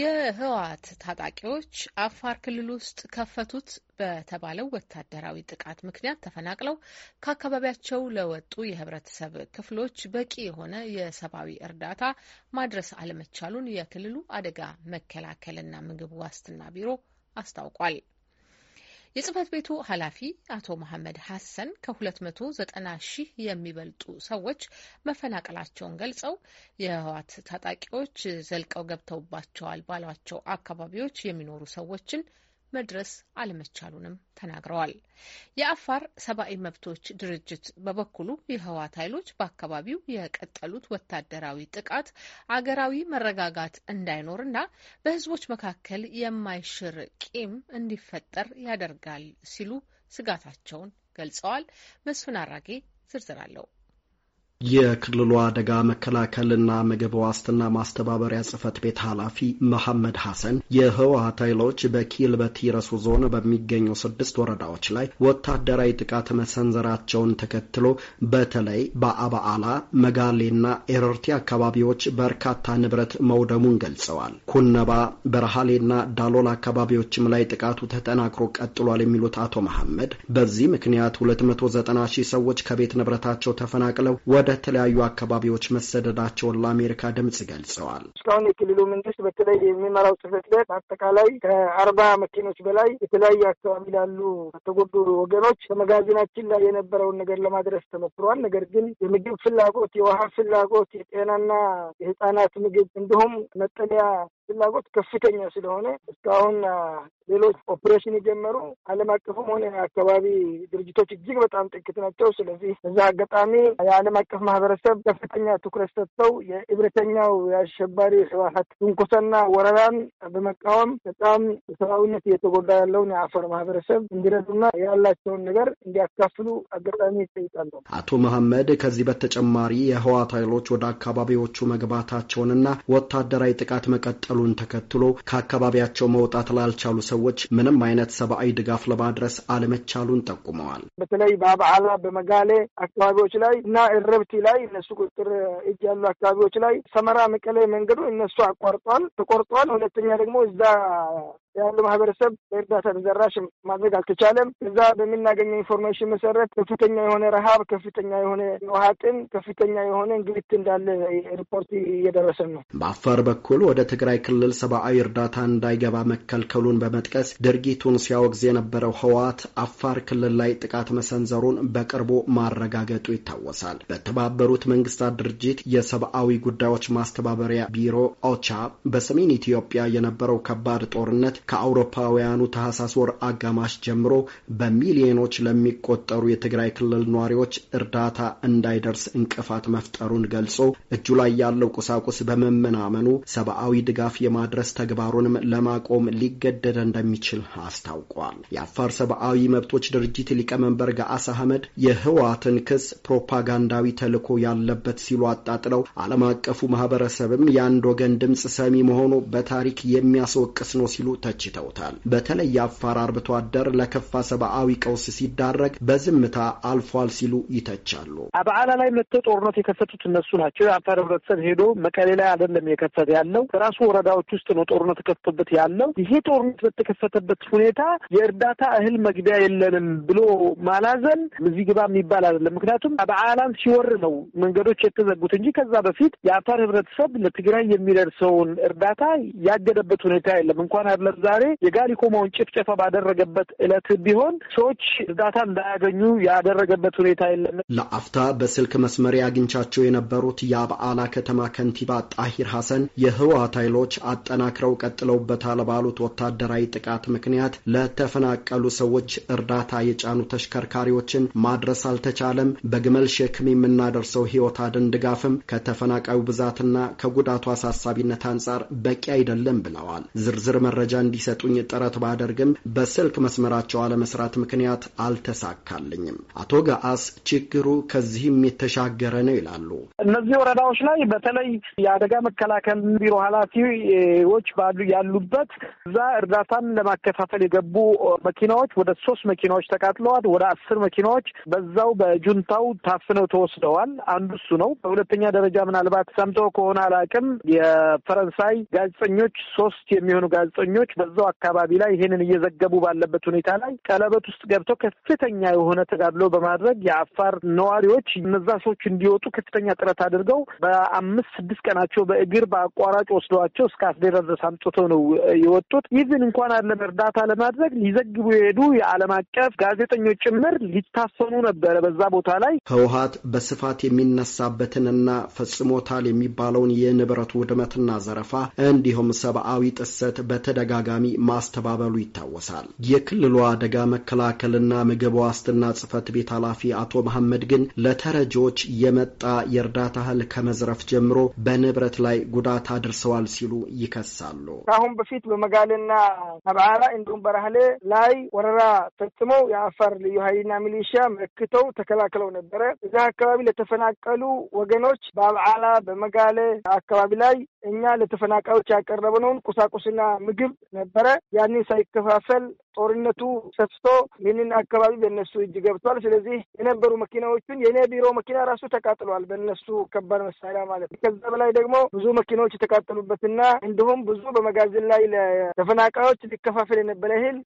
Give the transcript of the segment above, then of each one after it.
የህወሓት ታጣቂዎች አፋር ክልል ውስጥ ከፈቱት በተባለው ወታደራዊ ጥቃት ምክንያት ተፈናቅለው ከአካባቢያቸው ለወጡ የህብረተሰብ ክፍሎች በቂ የሆነ የሰብአዊ እርዳታ ማድረስ አለመቻሉን የክልሉ አደጋ መከላከልና ምግብ ዋስትና ቢሮ አስታውቋል። የጽህፈት ቤቱ ኃላፊ አቶ መሐመድ ሀሰን ከ290 ሺህ የሚበልጡ ሰዎች መፈናቀላቸውን ገልጸው የህወሓት ታጣቂዎች ዘልቀው ገብተውባቸዋል ባሏቸው አካባቢዎች የሚኖሩ ሰዎችን መድረስ አለመቻሉንም ተናግረዋል። የአፋር ሰብአዊ መብቶች ድርጅት በበኩሉ የህወሓት ኃይሎች በአካባቢው የቀጠሉት ወታደራዊ ጥቃት አገራዊ መረጋጋት እንዳይኖርና በህዝቦች መካከል የማይሽር ቂም እንዲፈጠር ያደርጋል ሲሉ ስጋታቸውን ገልጸዋል። መስፍን አራጌ ዝርዝር አለው። የክልሉ አደጋ መከላከልና ምግብ ዋስትና ማስተባበሪያ ጽህፈት ቤት ኃላፊ መሐመድ ሐሰን የህወሀት ኃይሎች በኪልበቲ ረሱ ዞን በሚገኙ ስድስት ወረዳዎች ላይ ወታደራዊ ጥቃት መሰንዘራቸውን ተከትሎ በተለይ በአባአላ መጋሌና ኤረርቲ አካባቢዎች በርካታ ንብረት መውደሙን ገልጸዋል። ኩነባ በረሃሌና ዳሎል አካባቢዎችም ላይ ጥቃቱ ተጠናክሮ ቀጥሏል የሚሉት አቶ መሐመድ በዚህ ምክንያት 290 ሺህ ሰዎች ከቤት ንብረታቸው ተፈናቅለው ወደ ወደ ተለያዩ አካባቢዎች መሰደዳቸውን ለአሜሪካ ድምጽ ገልጸዋል። እስካሁን የክልሉ መንግስት በተለይ የሚመራው ጽህፈት ቤት አጠቃላይ ከአርባ መኪኖች በላይ የተለያዩ አካባቢ ላሉ ተጎዱ ወገኖች በመጋዘናችን ላይ የነበረውን ነገር ለማድረስ ተሞክሯል። ነገር ግን የምግብ ፍላጎት፣ የውሃ ፍላጎት፣ የጤናና የህጻናት ምግብ እንዲሁም መጠለያ ፍላጎት ከፍተኛ ስለሆነ እስካሁን ሌሎች ኦፕሬሽን የጀመሩ ዓለም አቀፍም ሆነ አካባቢ ድርጅቶች እጅግ በጣም ጥቂት ናቸው። ስለዚህ እዛ አጋጣሚ የዓለም አቀፍ ማህበረሰብ ከፍተኛ ትኩረት ሰጥተው የእብረተኛው የአሸባሪ ህወሓት ትንኮሳና ወረራን በመቃወም በጣም ሰብአዊነት እየተጎዳ ያለውን የአፈር ማህበረሰብ እንዲረዱና ያላቸውን ነገር እንዲያካፍሉ አጋጣሚ ይጠይቃሉ። አቶ መሐመድ ከዚህ በተጨማሪ የህወሓት ኃይሎች ወደ አካባቢዎቹ መግባታቸውንና ወታደራዊ ጥቃት መቀጠሉ መቀጠሉን ተከትሎ ከአካባቢያቸው መውጣት ላልቻሉ ሰዎች ምንም አይነት ሰብአዊ ድጋፍ ለማድረስ አለመቻሉን ጠቁመዋል። በተለይ በአበዓላ በመጋሌ አካባቢዎች ላይ እና እረብቲ ላይ እነሱ ቁጥጥር እጅ ያሉ አካባቢዎች ላይ ሰመራ መቀሌ መንገዱ እነሱ አቋርጧል ተቆርጧል። ሁለተኛ ደግሞ እዛ ያሉ ማህበረሰብ በእርዳታ ተደራሽ ማድረግ አልተቻለም። እዛ በምናገኘው ኢንፎርሜሽን መሰረት ከፍተኛ የሆነ ረሃብ፣ ከፍተኛ የሆነ ውሃ ጥም፣ ከፍተኛ የሆነ እንግልት እንዳለ ሪፖርት እየደረሰን ነው። በአፋር በኩል ወደ ትግራይ ክልል ሰብአዊ እርዳታ እንዳይገባ መከልከሉን በመጥቀስ ድርጊቱን ሲያወግዝ የነበረው ህወሓት አፋር ክልል ላይ ጥቃት መሰንዘሩን በቅርቡ ማረጋገጡ ይታወሳል። በተባበሩት መንግስታት ድርጅት የሰብአዊ ጉዳዮች ማስተባበሪያ ቢሮ ኦቻ በሰሜን ኢትዮጵያ የነበረው ከባድ ጦርነት ከአውሮፓውያኑ ታህሳስ ወር አጋማሽ ጀምሮ በሚሊዮኖች ለሚቆጠሩ የትግራይ ክልል ነዋሪዎች እርዳታ እንዳይደርስ እንቅፋት መፍጠሩን ገልጾ እጁ ላይ ያለው ቁሳቁስ በመመናመኑ ሰብአዊ ድጋፍ የማድረስ ተግባሩንም ለማቆም ሊገደድ እንደሚችል አስታውቋል። የአፋር ሰብአዊ መብቶች ድርጅት ሊቀመንበር ገአሳ አህመድ የህወሓትን ክስ ፕሮፓጋንዳዊ ተልዕኮ ያለበት ሲሉ አጣጥለው ዓለም አቀፉ ማህበረሰብም የአንድ ወገን ድምፅ ሰሚ መሆኑ በታሪክ የሚያስወቅስ ነው ሲሉ ተችተውታል። በተለይ የአፋር አርብቶ አደር ለከፋ ሰብአዊ ቀውስ ሲዳረግ በዝምታ አልፏል ሲሉ ይተቻሉ። በዓላ ላይ መጥተው ጦርነት የከፈቱት እነሱ ናቸው። የአፋር ህብረተሰብ ሄዶ መቀሌ ላይ አይደለም የከፈተ ያለው ራሱ ወረዳዎች ውስጥ ነው ጦርነት ተከፍቶበት ያለው። ይሄ ጦርነት በተከፈተበት ሁኔታ የእርዳታ እህል መግቢያ የለንም ብሎ ማላዘን እዚህ ግባ የሚባል አይደለም። ምክንያቱም በዓላም ሲወር ነው መንገዶች የተዘጉት እንጂ ከዛ በፊት የአፋር ህብረተሰብ ለትግራይ የሚደርሰውን እርዳታ ያገደበት ሁኔታ የለም። እንኳን አይደለም ዛሬ የጋሊኮማውን ጭፍጨፋ ባደረገበት እለት ቢሆን ሰዎች እርዳታ እንዳያገኙ ያደረገበት ሁኔታ የለም። ለአፍታ በስልክ መስመር አግኝቻቸው የነበሩት የአበአላ ከተማ ከንቲባ ጣሂር ሐሰን የህወሀት ኃይሎች አጠናክረው ቀጥለውበታል ባሉት ወታደራዊ ጥቃት ምክንያት ለተፈናቀሉ ሰዎች እርዳታ የጫኑ ተሽከርካሪዎችን ማድረስ አልተቻለም። በግመል ሸክም የምናደርሰው ህይወት አድን ድጋፍም ከተፈናቃዩ ብዛትና ከጉዳቱ አሳሳቢነት አንጻር በቂ አይደለም ብለዋል። ዝርዝር መረጃ እንዲሰጡኝ ጥረት ባደርግም በስልክ መስመራቸው አለመስራት ምክንያት አልተሳካልኝም። አቶ ገአስ ችግሩ ከዚህም የተሻገረ ነው ይላሉ። እነዚህ ወረዳዎች ላይ በተለይ የአደጋ መከላከል ቢሮ ኃላፊዎች ያሉበት እዛ እርዳታን ለማከፋፈል የገቡ መኪናዎች ወደ ሶስት መኪናዎች ተቃጥለዋል። ወደ አስር መኪናዎች በዛው በጁንታው ታፍነው ተወስደዋል። አንዱ እሱ ነው። በሁለተኛ ደረጃ ምናልባት ሰምተው ከሆነ አላቅም የፈረንሳይ ጋዜጠኞች ሶስት የሚሆኑ ጋዜጠኞች በዛው አካባቢ ላይ ይሄንን እየዘገቡ ባለበት ሁኔታ ላይ ቀለበት ውስጥ ገብተው ከፍተኛ የሆነ ተጋድሎ በማድረግ የአፋር ነዋሪዎች እነዛ ሰዎች እንዲወጡ ከፍተኛ ጥረት አድርገው በአምስት ስድስት ቀናቸው በእግር በአቋራጭ ወስደዋቸው እስከ አስዴራ ድረስ አምጥተው ነው የወጡት። ይህን እንኳን አለም እርዳታ ለማድረግ ሊዘግቡ የሄዱ የዓለም አቀፍ ጋዜጠኞች ጭምር ሊታሰኑ ነበረ በዛ ቦታ ላይ ህወሀት በስፋት የሚነሳበትንና ፈጽሞታል የሚባለውን የንብረት ውድመትና ዘረፋ እንዲሁም ሰብአዊ ጥሰት በተደጋጋ በተደጋጋሚ ማስተባበሉ ይታወሳል። የክልሉ አደጋ መከላከልና ምግብ ዋስትና ጽህፈት ቤት ኃላፊ አቶ መሐመድ ግን ለተረጂዎች የመጣ የእርዳታ እህል ከመዝረፍ ጀምሮ በንብረት ላይ ጉዳት አድርሰዋል ሲሉ ይከሳሉ። ከአሁን በፊት በመጋሌና አብዓላ እንዲሁም በራህሌ ላይ ወረራ ፈጽመው የአፋር ልዩ ኃይልና ሚሊሻ መክተው ተከላክለው ነበረ። እዚህ አካባቢ ለተፈናቀሉ ወገኖች በአብዓላ በመጋሌ አካባቢ ላይ እኛ ለተፈናቃዮች ያቀረብነውን ቁሳቁስና ምግብ ነበረ። ያኔ ሳይከፋፈል ጦርነቱ ሰፍቶ ይህንን አካባቢ በእነሱ እጅ ገብቷል። ስለዚህ የነበሩ መኪናዎቹን የእኔ ቢሮ መኪና ራሱ ተቃጥሏል፣ በእነሱ ከባድ መሳሪያ ማለት ነው። ከዛ በላይ ደግሞ ብዙ መኪናዎች የተቃጠሉበትና እንዲሁም ብዙ በመጋዘን ላይ ለተፈናቃዮች ሊከፋፈል የነበረ ይህል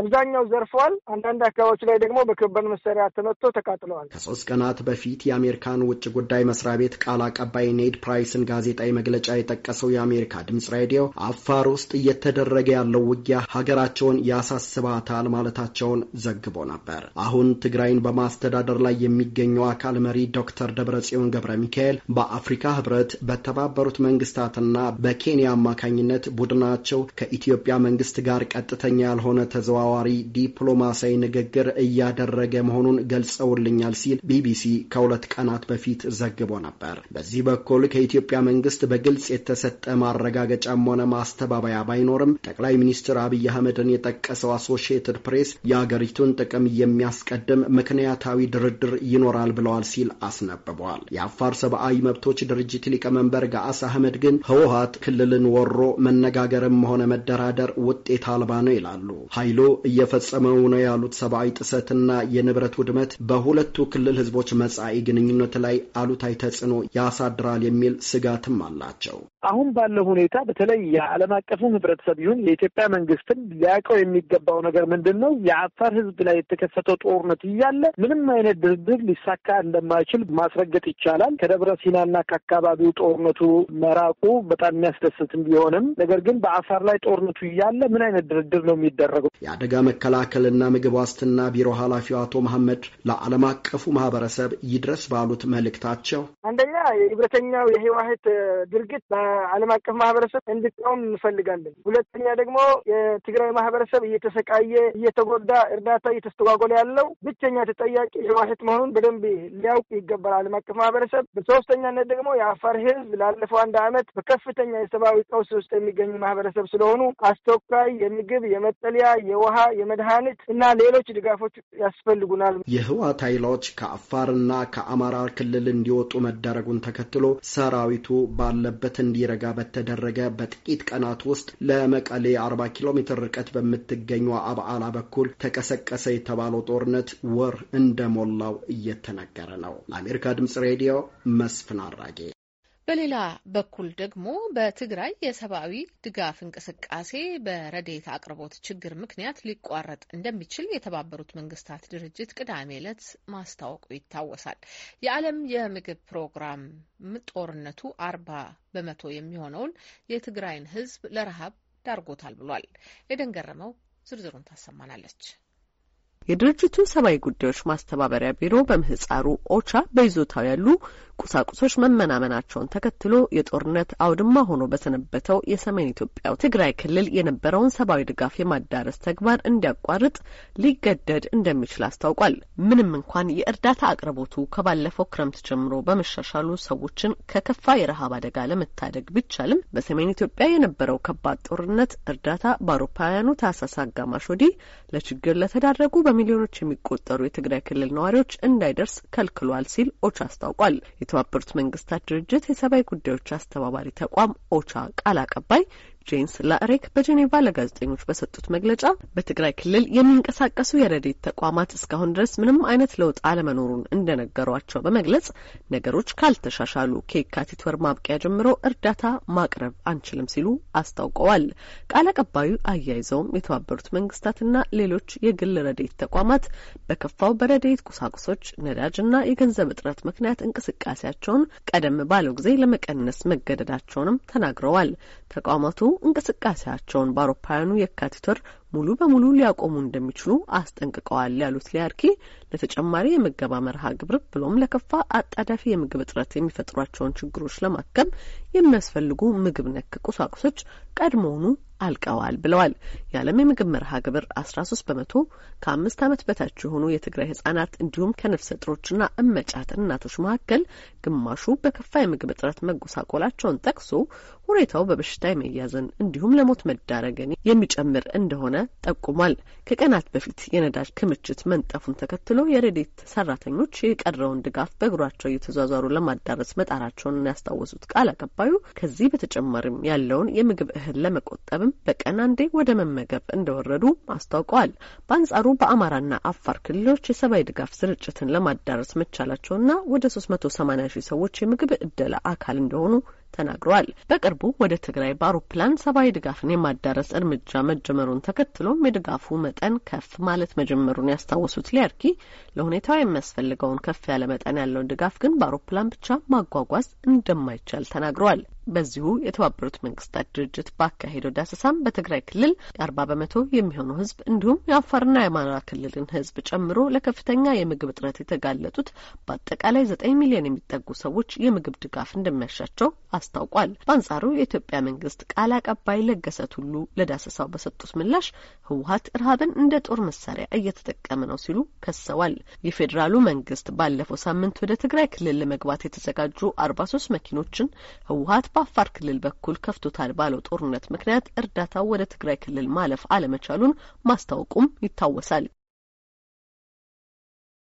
አብዛኛው ዘርፈዋል። አንዳንድ አካባቢዎች ላይ ደግሞ በከባድ መሳሪያ ተመቶ ተቃጥለዋል። ከሶስት ቀናት በፊት የአሜሪካን ውጭ ጉዳይ መስሪያ ቤት ቃል አቀባይ ኔድ ፕራይስን ጋዜጣዊ መግለጫ የጠቀሰው የአሜሪካ ድምጽ ሬዲዮ አፋር ውስጥ እየተደረገ ያለው ውጊያ ሀገራቸውን ያሳ ያስባታል ማለታቸውን ዘግቦ ነበር። አሁን ትግራይን በማስተዳደር ላይ የሚገኘው አካል መሪ ዶክተር ደብረጽዮን ገብረ ሚካኤል በአፍሪካ ህብረት፣ በተባበሩት መንግስታትና በኬንያ አማካኝነት ቡድናቸው ከኢትዮጵያ መንግስት ጋር ቀጥተኛ ያልሆነ ተዘዋዋሪ ዲፕሎማሲያዊ ንግግር እያደረገ መሆኑን ገልጸውልኛል ሲል ቢቢሲ ከሁለት ቀናት በፊት ዘግቦ ነበር። በዚህ በኩል ከኢትዮጵያ መንግስት በግልጽ የተሰጠ ማረጋገጫም ሆነ ማስተባበያ ባይኖርም ጠቅላይ ሚኒስትር አብይ አህመድን የጠቀሰው የገለጸው አሶሺየትድ ፕሬስ የአገሪቱን ጥቅም የሚያስቀድም ምክንያታዊ ድርድር ይኖራል ብለዋል ሲል አስነብበዋል። የአፋር ሰብአዊ መብቶች ድርጅት ሊቀመንበር ገአስ አህመድ ግን ህወሀት ክልልን ወሮ መነጋገርም ሆነ መደራደር ውጤት አልባ ነው ይላሉ። ኃይሉ እየፈጸመው ነው ያሉት ሰብአዊ ጥሰትና የንብረት ውድመት በሁለቱ ክልል ህዝቦች መጻኢ ግንኙነት ላይ አሉታዊ ተጽዕኖ ያሳድራል የሚል ስጋትም አላቸው። አሁን ባለው ሁኔታ በተለይ የዓለም አቀፉ ህብረተሰብ ይሁን የኢትዮጵያ መንግስትም ሊያውቀው የሚገ የሚገባው ነገር ምንድን ነው? የአፋር ህዝብ ላይ የተከፈተው ጦርነት እያለ ምንም አይነት ድርድር ሊሳካ እንደማይችል ማስረገጥ ይቻላል። ከደብረ ሲናና ከአካባቢው ጦርነቱ መራቁ በጣም የሚያስደስትም ቢሆንም ነገር ግን በአፋር ላይ ጦርነቱ እያለ ምን አይነት ድርድር ነው የሚደረገው? የአደጋ መከላከልና ምግብ ዋስትና ቢሮ ኃላፊው አቶ መሐመድ ለዓለም አቀፉ ማህበረሰብ ይድረስ ባሉት መልእክታቸው አንደኛ የህብረተኛው የህወሓት ድርጊት በዓለም አቀፍ ማህበረሰብ እንዲቃወም እንፈልጋለን። ሁለተኛ ደግሞ የትግራይ ማህበረሰብ እየተ እየተሰቃየ እየተጎዳ እርዳታ እየተስተጓጎለ ያለው ብቸኛ ተጠያቂ ህዋሳት መሆኑን በደንብ ሊያውቅ ይገባል ዓለም አቀፍ ማህበረሰብ። በሶስተኛነት ደግሞ የአፋር ህዝብ ላለፈው አንድ ዓመት በከፍተኛ የሰብአዊ ቀውስ ውስጥ የሚገኙ ማህበረሰብ ስለሆኑ አስቸኳይ የምግብ፣ የመጠለያ፣ የውሃ፣ የመድኃኒት እና ሌሎች ድጋፎች ያስፈልጉናል። የህወሓት ኃይሎች ከአፋርና ከአማራ ክልል እንዲወጡ መደረጉን ተከትሎ ሰራዊቱ ባለበት እንዲረጋ በተደረገ በጥቂት ቀናት ውስጥ ለመቀሌ አርባ ኪሎ ሜትር ርቀት በምትገኝ በጋዜጠኛዋ አብዓላ በኩል ተቀሰቀሰ የተባለው ጦርነት ወር እንደሞላው እየተነገረ ነው። ለአሜሪካ ድምጽ ሬዲዮ መስፍን አራጌ። በሌላ በኩል ደግሞ በትግራይ የሰብአዊ ድጋፍ እንቅስቃሴ በረዴት አቅርቦት ችግር ምክንያት ሊቋረጥ እንደሚችል የተባበሩት መንግስታት ድርጅት ቅዳሜ ዕለት ማስታወቁ ይታወሳል። የዓለም የምግብ ፕሮግራም ጦርነቱ አርባ በመቶ የሚሆነውን የትግራይን ሕዝብ ለረሃብ ዳርጎታል ብሏል። ኤደን ገረመው ዝርዝሩን ታሰማናለች። የድርጅቱ ሰብአዊ ጉዳዮች ማስተባበሪያ ቢሮ በምህጻሩ ኦቻ በይዞታው ያሉ ቁሳቁሶች መመናመናቸውን ተከትሎ የጦርነት አውድማ ሆኖ በሰነበተው የሰሜን ኢትዮጵያው ትግራይ ክልል የነበረውን ሰብአዊ ድጋፍ የማዳረስ ተግባር እንዲያቋርጥ ሊገደድ እንደሚችል አስታውቋል። ምንም እንኳን የእርዳታ አቅርቦቱ ከባለፈው ክረምት ጀምሮ በመሻሻሉ ሰዎችን ከከፋ የረሃብ አደጋ ለመታደግ ቢቻልም በሰሜን ኢትዮጵያ የነበረው ከባድ ጦርነት እርዳታ በአውሮፓውያኑ ታህሳስ አጋማሽ ወዲህ ለችግር ለተዳረጉ በሚሊዮኖች የሚቆጠሩ የትግራይ ክልል ነዋሪዎች እንዳይደርስ ከልክሏል ሲል ኦቻ አስታውቋል። የተባበሩት መንግስታት ድርጅት የሰብአዊ ጉዳዮች አስተባባሪ ተቋም ኦቻ ቃል አቀባይ ጄንስ ላሬክ በጄኔቫ ለጋዜጠኞች በሰጡት መግለጫ በትግራይ ክልል የሚንቀሳቀሱ የረዴት ተቋማት እስካሁን ድረስ ምንም አይነት ለውጥ አለመኖሩን እንደነገሯቸው በመግለጽ ነገሮች ካልተሻሻሉ ከየካቲት ወር ማብቂያ ጀምሮ እርዳታ ማቅረብ አንችልም ሲሉ አስታውቀዋል። ቃል አቀባዩ አያይዘውም የተባበሩት መንግስታትና ሌሎች የግል ረዴት ተቋማት በከፋው በረዴት ቁሳቁሶች፣ ነዳጅና የገንዘብ እጥረት ምክንያት እንቅስቃሴያቸውን ቀደም ባለው ጊዜ ለመቀነስ መገደዳቸውንም ተናግረዋል። ተቋማቱ እንቅስቃሴያቸውን በአውሮፓውያኑ የካቲት ወር ሙሉ በሙሉ ሊያቆሙ እንደሚችሉ አስጠንቅቀዋል ያሉት ሊያርኪ ለተጨማሪ የምገባ መርሃ ግብር ብሎም ለከፋ አጣዳፊ የምግብ እጥረት የሚፈጥሯቸውን ችግሮች ለማከም የሚያስፈልጉ ምግብ ነክ ቁሳቁሶች ቀድሞውኑ አልቀዋል ብለዋል። የዓለም የምግብ መርሃ ግብር አስራ ሶስት በመቶ ከአምስት ዓመት በታች የሆኑ የትግራይ ህጻናት እንዲሁም ከነፍሰ ጥሮችና እመጫት እናቶች መካከል ግማሹ በከፋ የምግብ እጥረት መጎሳቆላቸውን ጠቅሶ ሁኔታው በበሽታ የመያዝን እንዲሁም ለሞት መዳረግን የሚጨምር እንደሆነ ጠቁሟል። ከቀናት በፊት የነዳጅ ክምችት መንጠፉን ተከትሎ የረዴት ሰራተኞች የቀረውን ድጋፍ በእግሯቸው እየተዟዟሩ ለማዳረስ መጣራቸውን ያስታወሱት ቃል አቀባዩ ከዚህ በተጨማሪም ያለውን የምግብ እህል ለመቆጠብ ምግብም በቀን አንዴ ወደ መመገብ እንደወረዱ አስታውቀዋል። በአንጻሩ በአማራና አፋር ክልሎች የሰብአዊ ድጋፍ ስርጭትን ለማዳረስ መቻላቸውና ወደ ሶስት መቶ ሰማኒያ ሺህ ሰዎች የምግብ እደላ አካል እንደሆኑ ተናግረዋል። በቅርቡ ወደ ትግራይ በአውሮፕላን ሰብአዊ ድጋፍን የማዳረስ እርምጃ መጀመሩን ተከትሎም የድጋፉ መጠን ከፍ ማለት መጀመሩን ያስታወሱት ሊያርኪ ለሁኔታው የሚያስፈልገውን ከፍ ያለ መጠን ያለውን ድጋፍ ግን በአውሮፕላን ብቻ ማጓጓዝ እንደማይቻል ተናግረዋል። በዚሁ የተባበሩት መንግስታት ድርጅት ባካሄደው ዳሰሳም በትግራይ ክልል የአርባ በመቶ የሚሆኑ ህዝብ እንዲሁም የአፋርና የአማራ ክልልን ህዝብ ጨምሮ ለከፍተኛ የምግብ እጥረት የተጋለጡት በአጠቃላይ ዘጠኝ ሚሊዮን የሚጠጉ ሰዎች የምግብ ድጋፍ እንደሚያሻቸው አስታውቋል። በአንጻሩ የኢትዮጵያ መንግስት ቃል አቀባይ ለገሰ ቱሉ ለዳሰሳው በሰጡት ምላሽ ህወሀት ረሀብን እንደ ጦር መሳሪያ እየተጠቀመ ነው ሲሉ ከሰዋል። የፌዴራሉ መንግስት ባለፈው ሳምንት ወደ ትግራይ ክልል ለመግባት የተዘጋጁ አርባ ሶስት መኪኖችን ህወሀት በአፋር ክልል በኩል ከፍቶታል ባለው ጦርነት ምክንያት እርዳታው ወደ ትግራይ ክልል ማለፍ አለመቻሉን ማስታወቁም ይታወሳል።